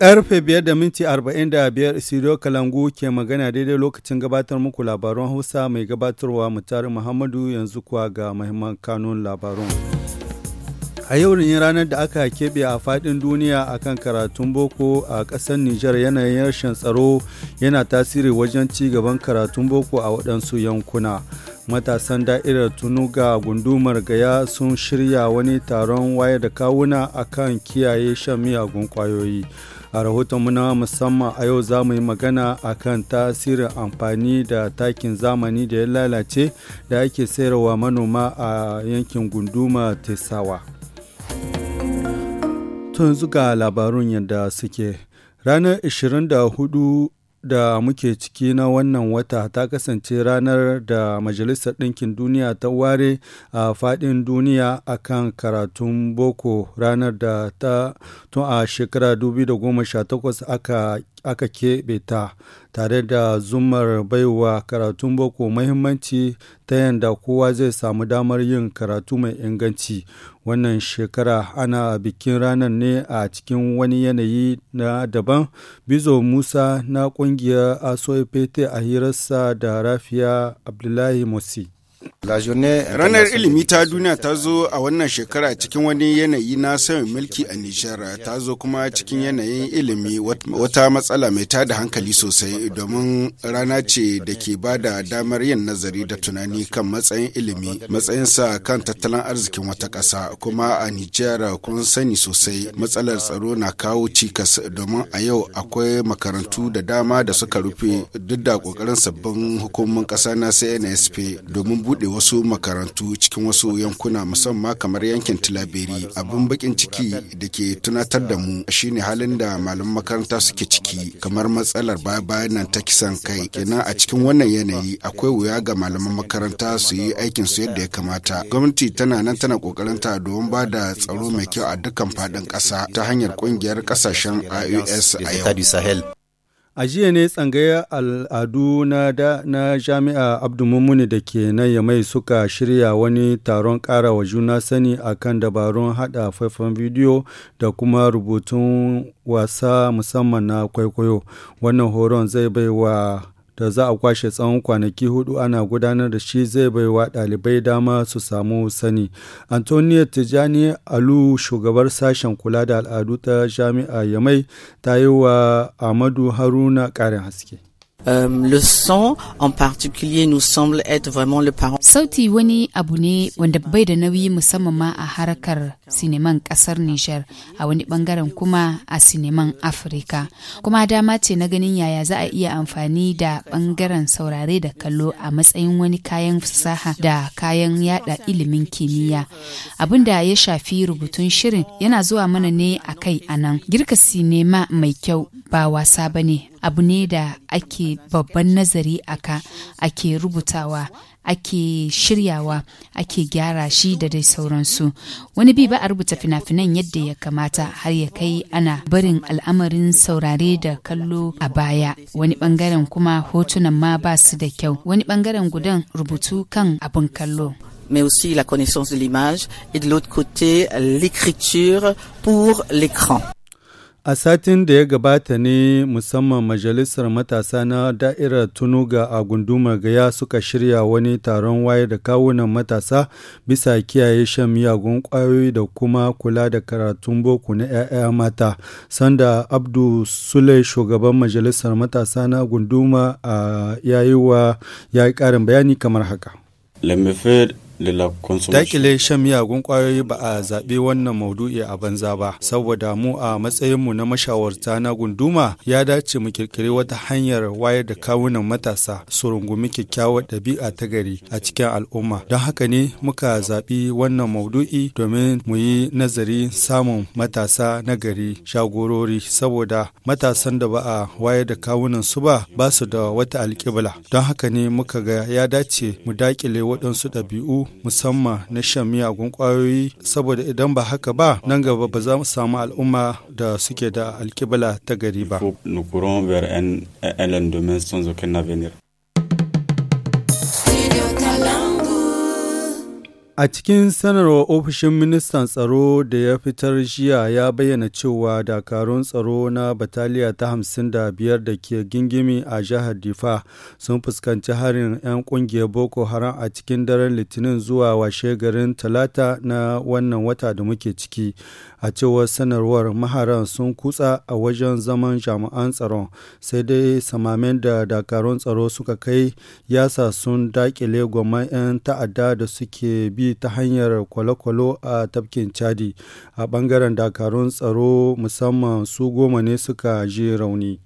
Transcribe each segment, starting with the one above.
Karfe biyar da minti arba'in da Kalangu ke magana daidai lokacin gabatar muku labaran Hausa mai gabatarwa mutari Muhammadu yanzu kuwa ga mahimman kanun labarun. A yau ne ranar da aka keɓe a faɗin duniya akan karatun boko a ƙasar Nijar yanayin rashin tsaro yana tasiri wajen ci gaban karatun boko a waɗansu yankuna. matasan da'irar tunuga gundumar gaya sun shirya wani taron wayar da kawuna akan kiyaye shan miyagun kwayoyi a rahoton na musamman a yau za mu yi magana a kan tasirin amfani da takin zamani da ya lalace da ake sayarwa manoma a yankin gunduma tesawa tun zuga labarun yadda suke ranar 24 da muke ciki na wannan wata ta kasance ranar da Majalisar Ɗinkin Duniya ta ware a faɗin duniya a kan karatun boko ranar da ta tun a shekara 2018 aka aka keɓe ta tare da zumar baiwa karatun boko mahimmanci ta yadda kowa zai samu damar yin karatu mai inganci wannan shekara ana bikin ranar ne a cikin wani yanayi na daban bizo musa na kungiyar asoept a hirarsa da rafiya abdullahi musi Ranar ilimi ta duniya ta zo a wannan shekara cikin wani yanayi na sauyin mulki a Nijar ta zo kuma cikin yanayin ilimi wata matsala mai ta da hankali sosai domin rana ce da ke ba da damar yin nazari da tunani kan matsayin ilimi matsayinsa kan tattalin arzikin wata kasa kuma a Nijar kun sani sosai matsalar tsaro na kawo cikas domin a yau akwai makarantu da dama da suka rufe duk da ƙoƙarin sabbin hukumomin ƙasa na CNSP domin buɗe wasu makarantu cikin wasu yankuna musamman kamar yankin tilaberi abin bakin ciki da ke tunatar da mu shine halin da malaman makaranta suke ciki kamar matsalar baya nan ta kisan kai kenan a cikin wannan yanayi akwai wuya ga malaman makaranta su yi aikin su yadda ya kamata gwamnati tana nan tana kokarin ta domin ba da tsaro mai kyau a dukkan faɗin ƙasa ta hanyar ƙungiyar ƙasashen IOS a yau. A jiya ne tsangayar al'adu na, na jami'a Abdulmumuni da ke nan Yamai suka shirya wani taron ƙara wa juna sani a kan dabarun haɗa faifan bidiyo da kuma rubutun wasa musamman na kwaikwayo. Wannan horon zai bai wa da za a kwashe tsawon kwanaki hudu ana gudanar da shi zai baiwa ɗalibai dama su samu sani. Antonio Tijani Alu shugabar sashen kula da al'adu ta jami'a Yamai ta yi wa Amadu Haruna ƙarin haske. Euh, le son en particulier nous semble être vraiment le parent. Sauti wani abu ne wanda bai da nauyi musamman ma a harkar sineman kasar Nijar a wani bangaren kuma a sineman Afirka. Kuma dama ce na ganin yaya za a iya amfani da bangaren saurare da kallo a matsayin wani kayan fasaha da kayan yada ilimin kimiyya. Abin da ya shafi rubutun shirin yana zuwa mana ne a kai a nan. Girka sinema mai kyau ba wasa ba ne abu ne da ake babban nazari aka ake rubutawa ake shiryawa ake gyara shi da dai sauransu wani bi ba a rubuta fina-finan yadda ya kamata har ya kai ana barin al'amarin saurare da kallo a baya wani bangaren kuma hotunan ma ba su da kyau wani bangaren gudan rubutu kan abin kallo mais aussi la connaissance de l'image et de l'autre côté l'écriture pour l'écran. A satin da ya gabata ne musamman Majalisar Matasa na Da'irar Tunuga a gundumar Gaya suka shirya wani taron wayar da kawunan matasa bisa kiyaye shan miyagun ƙwayoyi da kuma kula da karatun boko na 'ya'ya mata. Sanda Abdu Sule shugaban Majalisar Matasa na gunduma a yayi wa ya ƙarin bayani kamar haka. Lemifed Dakile shan miyagun ƙwayoyi ba a zaɓi wannan maudu'i a banza ba, saboda mu a matsayinmu na mashawarta na gunduma ya dace mu kirkiri wata hanyar wayar da kawunan matasa su rungumi kyakkyawar ɗabi'a ta gari a cikin al'umma. Don haka ne muka zaɓi wannan maudu'i domin mu yi nazari samun matasa na gari shagorori saboda matasan da ba a wayar da kawunan su ba ba su da wata alƙibla. Don haka ne muka ga ya dace mu dakile waɗansu ɗabi'u musamman na shan miyagun kwayoyi saboda idan ba haka ba nan gaba ba za mu samu al'umma da suke da alkibla ta gari ba. A cikin sanarwar ofishin ministan tsaro da ya fitar jiya ya bayyana cewa dakarun tsaro na bataliya ta hamsin da biyar da ke gingimi a jihar Difa sun fuskanci harin 'yan kungiyar Boko Haram a cikin daren Litinin zuwa washe garin Talata na wannan wata da muke ciki. a cewar sanarwar maharan sun kutsa a wajen zaman jami'an tsaron sai dai samamin da dakarun tsaro suka kai yasa sun dakile gwamman 'yan ta'adda da suke bi ta hanyar kwale a tafkin chadi a bangaren dakarun tsaro musamman su goma ne suka ji rauni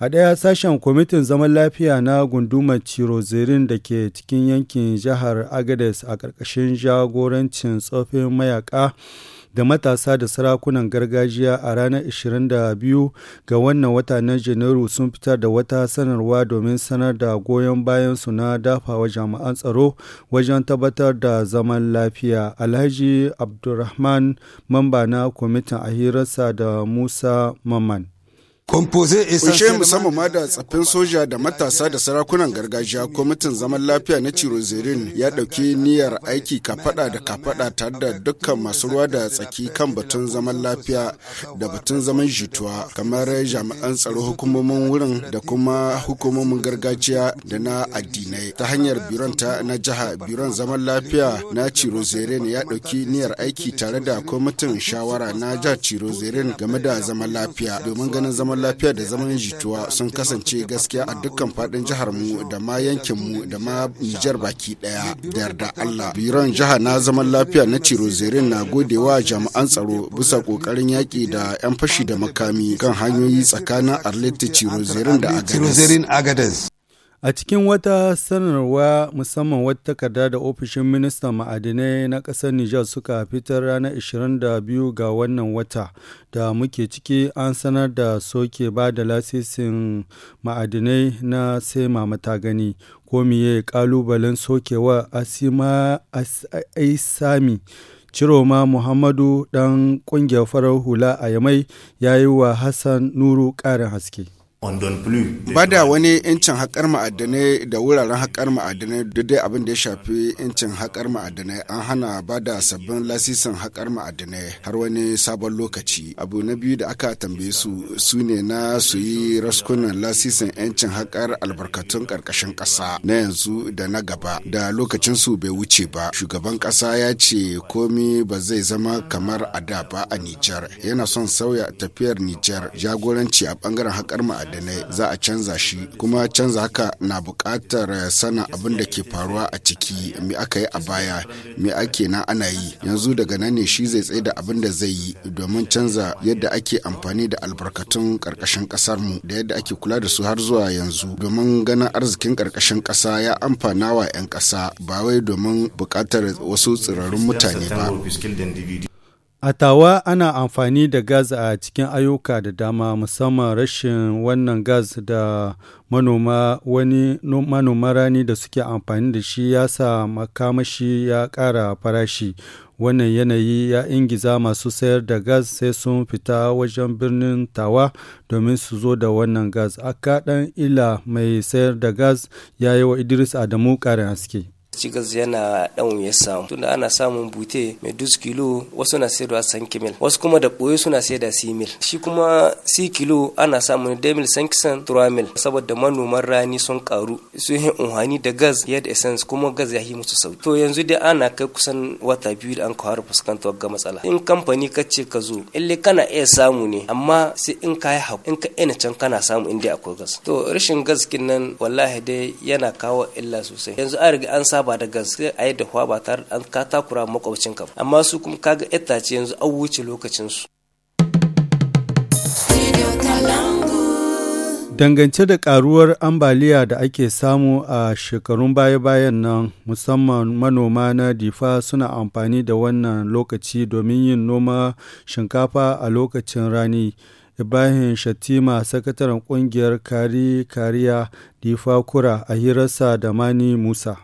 a ɗaya sashen kwamitin zaman lafiya na gundumar cirozerin da ke cikin yankin jihar agades a ƙarƙashin jagorancin tsofin mayaka da matasa da sarakunan gargajiya a ranar 22 ga wannan wata na Janairu sun fitar da wata sanarwa domin sanar da goyon bayan su na dafawa jami'an tsaro wajen tabbatar da zaman lafiya. Alhaji Abdulrahman mamba na kwamitin a hirarsa da Musa Maman. Kunshe musamman ma da tsaffin soja da matasa da sarakunan gargajiya kwamitin zaman lafiya na Cirozerin ya ɗauki niyyar aiki kafaɗa da kafaɗa tare da dukkan masu ruwa da tsaki kan batun zaman lafiya da batun zaman jituwa kamar jami'an tsaro hukumomin wurin da kuma hukumomin gargajiya da na addinai ta hanyar biron ta na jiha biron zaman lafiya na Cirozerin ya ɗauki niyyar aiki tare da kwamitin shawara na jihar Cirozerin game da zaman lafiya domin ganin zaman lafiya da zaman jituwa sun kasance gaskiya a dukkan faɗin jihar mu da ma yankin mu da ma Nijar baki daya da yarda Allah. biran jiha na zaman lafiya na Zerin na godewa jami'an tsaro bisa kokarin yaki da 'yan fashi da makami kan hanyoyi tsakanin Arlette Zerin da Agadez. A cikin wata sanarwa musamman wata takarda da ofishin ministan ma'adinai na ƙasar Nijar suka fitar ranar 22 ga wannan wata da muke ciki an sanar da soke ba da lasisin ma'adinai na sai mamata gani ko miye ƙalubalen sokewa a sami. Ciroma Muhammadu ɗan ƙungiyar farar hula a Yamai ya yi wa Hassan Nuru ƙarin haske. ba da wani incin haƙar ma'adanai da wuraren haƙar ma'adanai dai abin da ya shafi incin haƙar ma'adanai an hana ba da sabbin lasisin haƙar ma'adanai har wani sabon lokaci abu na biyu da aka tambaye su su ne na su yi raskunan lasisin yancin haƙar albarkatun ƙarƙashin ƙasa na yanzu da na gaba da lokacin su bai wuce ba shugaban ƙasa ya ce komi ba zai zama kamar a da ba a Nijar yana son sauya tafiyar Nijar jagoranci a ɓangaren haƙar ma'adanai ma'adanai za a canza shi kuma canza haka na buƙatar sana abin da ke faruwa a ciki me aka yi a baya me ake na ana yi yanzu daga nan ne shi zai tsaye da abin da zai yi domin canza yadda ake amfani da albarkatun karkashin kasar mu da yadda ake kula da su har zuwa yanzu domin ganin arzikin karkashin kasa ya amfana wa 'yan kasa ba wai domin buƙatar wasu tsirarun mutane ba. A tawa ana amfani da gas a cikin ayyuka da dama musamman rashin wannan gas da manoma wani manoma rani da suke amfani da shi ya sa makamashi ya ƙara farashi. Wannan yanayi ya ingiza masu sayar da gas sai sun fita wajen birnin tawa domin su zo da wannan gas. a kaɗan ila mai sayar da gas ya yi wa Idris Adamu ƙarin haske. cigas yana dan ya samu tunda ana samun bute mai dus kilo wasu na sayarwa san kimil wasu kuma da boye suna sayar da si mil shi kuma si kilo ana samun da mil san kisan tura mil saboda manoman rani sun karu sun yi unhani da gas da essence kuma gas ya yi musu sauki to yanzu dai ana kai kusan wata biyu da an kawar fuskanta ga matsala in kamfani ka ce ka zo ille kana iya samu ne amma sai in ka yi haku in ka ina can kana samu inda akwai gas to rashin gas kin nan wallahi dai yana kawo illa sosai yanzu an riga an saba ba da gaske a yi dahuwa ba tare an katakura makwabcin ka amma su kuma kaga itace yanzu an wuce lokacinsu. Dangance da karuwar ambaliya da ake samu a shekarun baya-bayan nan musamman manoma na difa suna amfani da wannan lokaci domin yin noma shinkafa a lokacin rani. Ibrahim Shatima sakataren kungiyar kari kariya difa kura a hirarsa da Mani Musa.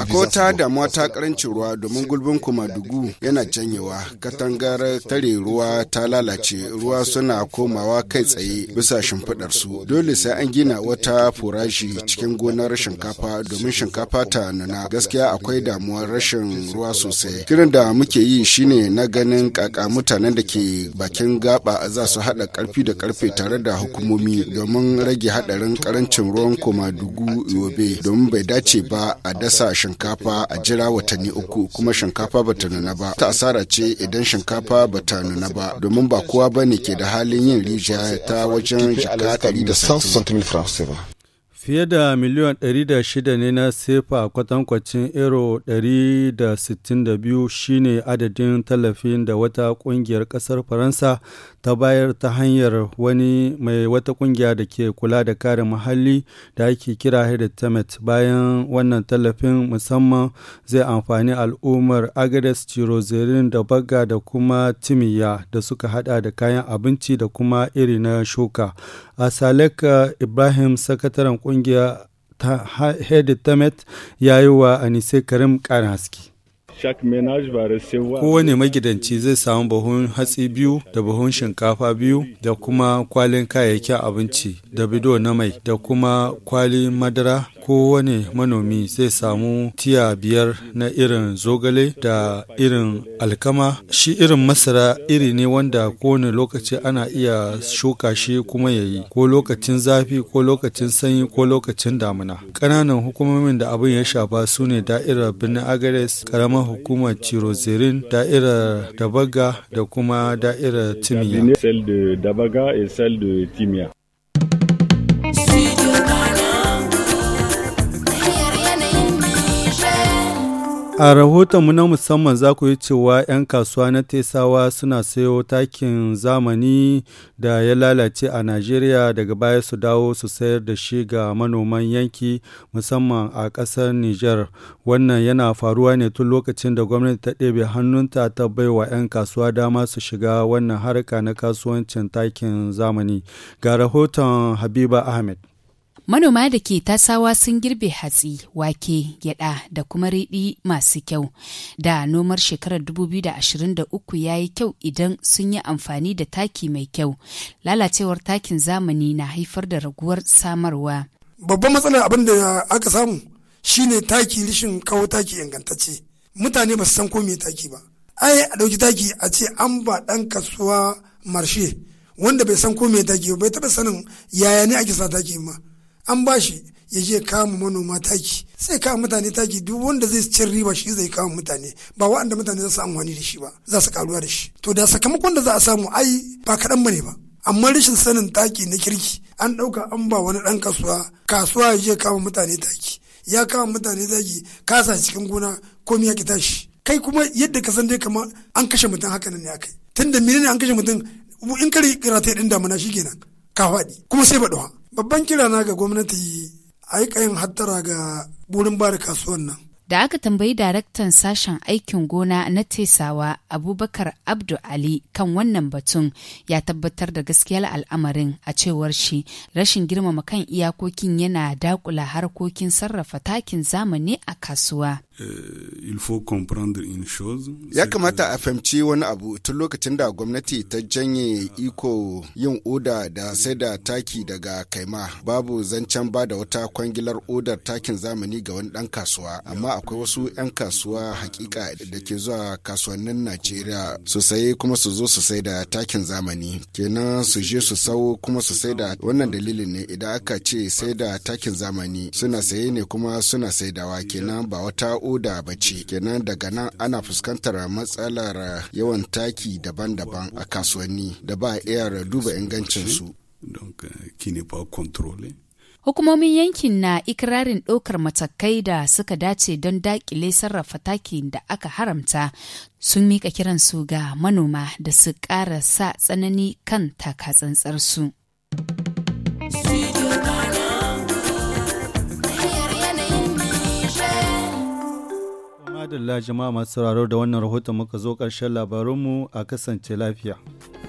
Ako ta damuwa ta karancin ruwa domin gulbin kuma dugu yana janyewa katangar tare ruwa ta lalace ruwa suna komawa kai tsaye bisa shimfiɗar su dole sai an gina wata furashi cikin gonar shinkafa domin shinkafa ta nuna gaskiya akwai damuwar rashin ruwa sosai kiran da muke yi shine na ganin kaka mutanen da ke bakin gaba za su haɗa karfi da karfe tare da hukumomi domin rage haɗarin karancin ruwan kuma dugu yobe domin bai dace ce ba a dasa shinkafa a jira watanni uku kuma shinkafa ba ta nuna ba ta asara ce idan shinkafa ba ta nuna ba domin ba kowa ba ne ke da halin yin rijiya ta wajen jika ba Fiye da miliyan 600 ne na sefa kwatankwacin ero 162 shine adadin tallafin da wata kungiyar kasar Faransa ta bayar ta hanyar wani mai wata kungiya da ke kula da kare muhalli da ake kira Heritage bayan wannan tallafin musamman zai amfani al'ummar Agades Tirozerin da Baga da kuma Timiya da suka hada da kayan abinci da kuma iri na shuka. a saleka uh, ibrahim sakataren kungiya ta head ya yi wa anise karim ƙara haske kowane magidanci zai samu buhun hatsi biyu da buhun shinkafa biyu da kuma kwalin kayayyakin abinci da bido na mai da kuma kwalin madara Ko kowane manomi zai samu tiya biyar na irin zogale da irin alkama shi irin masara iri ne wanda kowane lokaci ana iya shuka shi kuma ya yi ko lokacin zafi ko lokacin sanyi ko lokacin damina ƙananan hukumomin da abin ya shafa su ne da'irar birnin agares karamar hukumar cirozerin da'irar dabaga da kuma da'irar timiya A rahotonmu na musamman za ku yi cewa 'yan kasuwa na Tesawa suna sayo takin zamani da ya lalace a Najeriya daga baya su dawo su sayar da shi ga manoman yanki musamman a ƙasar Nijar. Wannan yana faruwa ne tun lokacin da gwamnati ta ɗebe hannunta ta baiwa 'yan kasuwa dama su shiga wannan harka na kasuwancin takin zamani. Ga rahoton Habiba Ahmed. Manoma da ke tasawa sun girbe hatsi, wake, gyada da kuma riɗi masu kyau. Da nomar shekarar 2023 ya yi kyau idan sun yi amfani da taki mai kyau. Lalacewar takin zamani na haifar da raguwar samarwa. Babban matsalar abin da aka samu shine taki rishin kawo taki ingantacce. Mutane ba su san ko taki ba. Ai a ɗauki taki a ce an ba ɗan kasuwa marshe wanda bai san ko me taki ba bai taɓa sanin yaya ne ake sa taki ma. an ba shi ya je kama manoma taki sai kama mutane taki duk wanda zai cin riba shi zai kama mutane ba wa'anda mutane za su amfani da shi ba za su karuwa da shi to da sakamakon da za a samu ai ba kaɗan bane ba amma rashin sanin taki na kirki an ɗauka an ba wani ɗan kasuwa kasuwa ya je kama mutane taki ya kama mutane taki kasa cikin gona komi ya ki tashi kai kuma yadda ka san dai kama an kashe mutum haka nan ne akai tunda menene an kashe mutum in kare karatai din damana shi kenan ka faɗi kuma sai baɗuwa Babban kira na ga gwamnati a yi kayan hattara ga burin bada kasuwan nan. Da aka tambayi daraktan sashen aikin gona na Tesawa Abubakar Abdu Ali kan wannan batun ya tabbatar da gaskiyar al'amarin a cewar shi rashin girmama kan iyakokin yana dakula harkokin sarrafa takin zamani a kasuwa. Euh, il faut comprendre une chose. Ya kamata a fahimci wani abu tun lokacin da gwamnati ta janye iko yin oda da sai da taki daga kaima babu zancen ba da wata kwangilar odar takin zamani ga wani dan kasuwa amma akwai wasu 'yan kasuwa hakika da ke zuwa kasuwannin Najeriya su saye kuma su zo su sai da takin zamani kenan su je su sau kuma su sai da wannan dalilin ne idan aka ce sai da takin zamani suna saye ne kuma suna saidawa kenan ba wata ko da bace kenan daga nan ana fuskantar matsalar yawan taki daban-daban a kasuwanni da ba a iya duba ingancinsu euh, Hukumomin yankin na ikirarin ɗaukar matakai da suka dace don daƙile sarrafa taki da aka haramta sun mika kiransu ga manoma da su ƙara sa tsanani kan takatsantsarsu. su. Madalla jama'a masu sauraro da wannan rahoton muka zo ƙarshen labarunmu a kasance lafiya.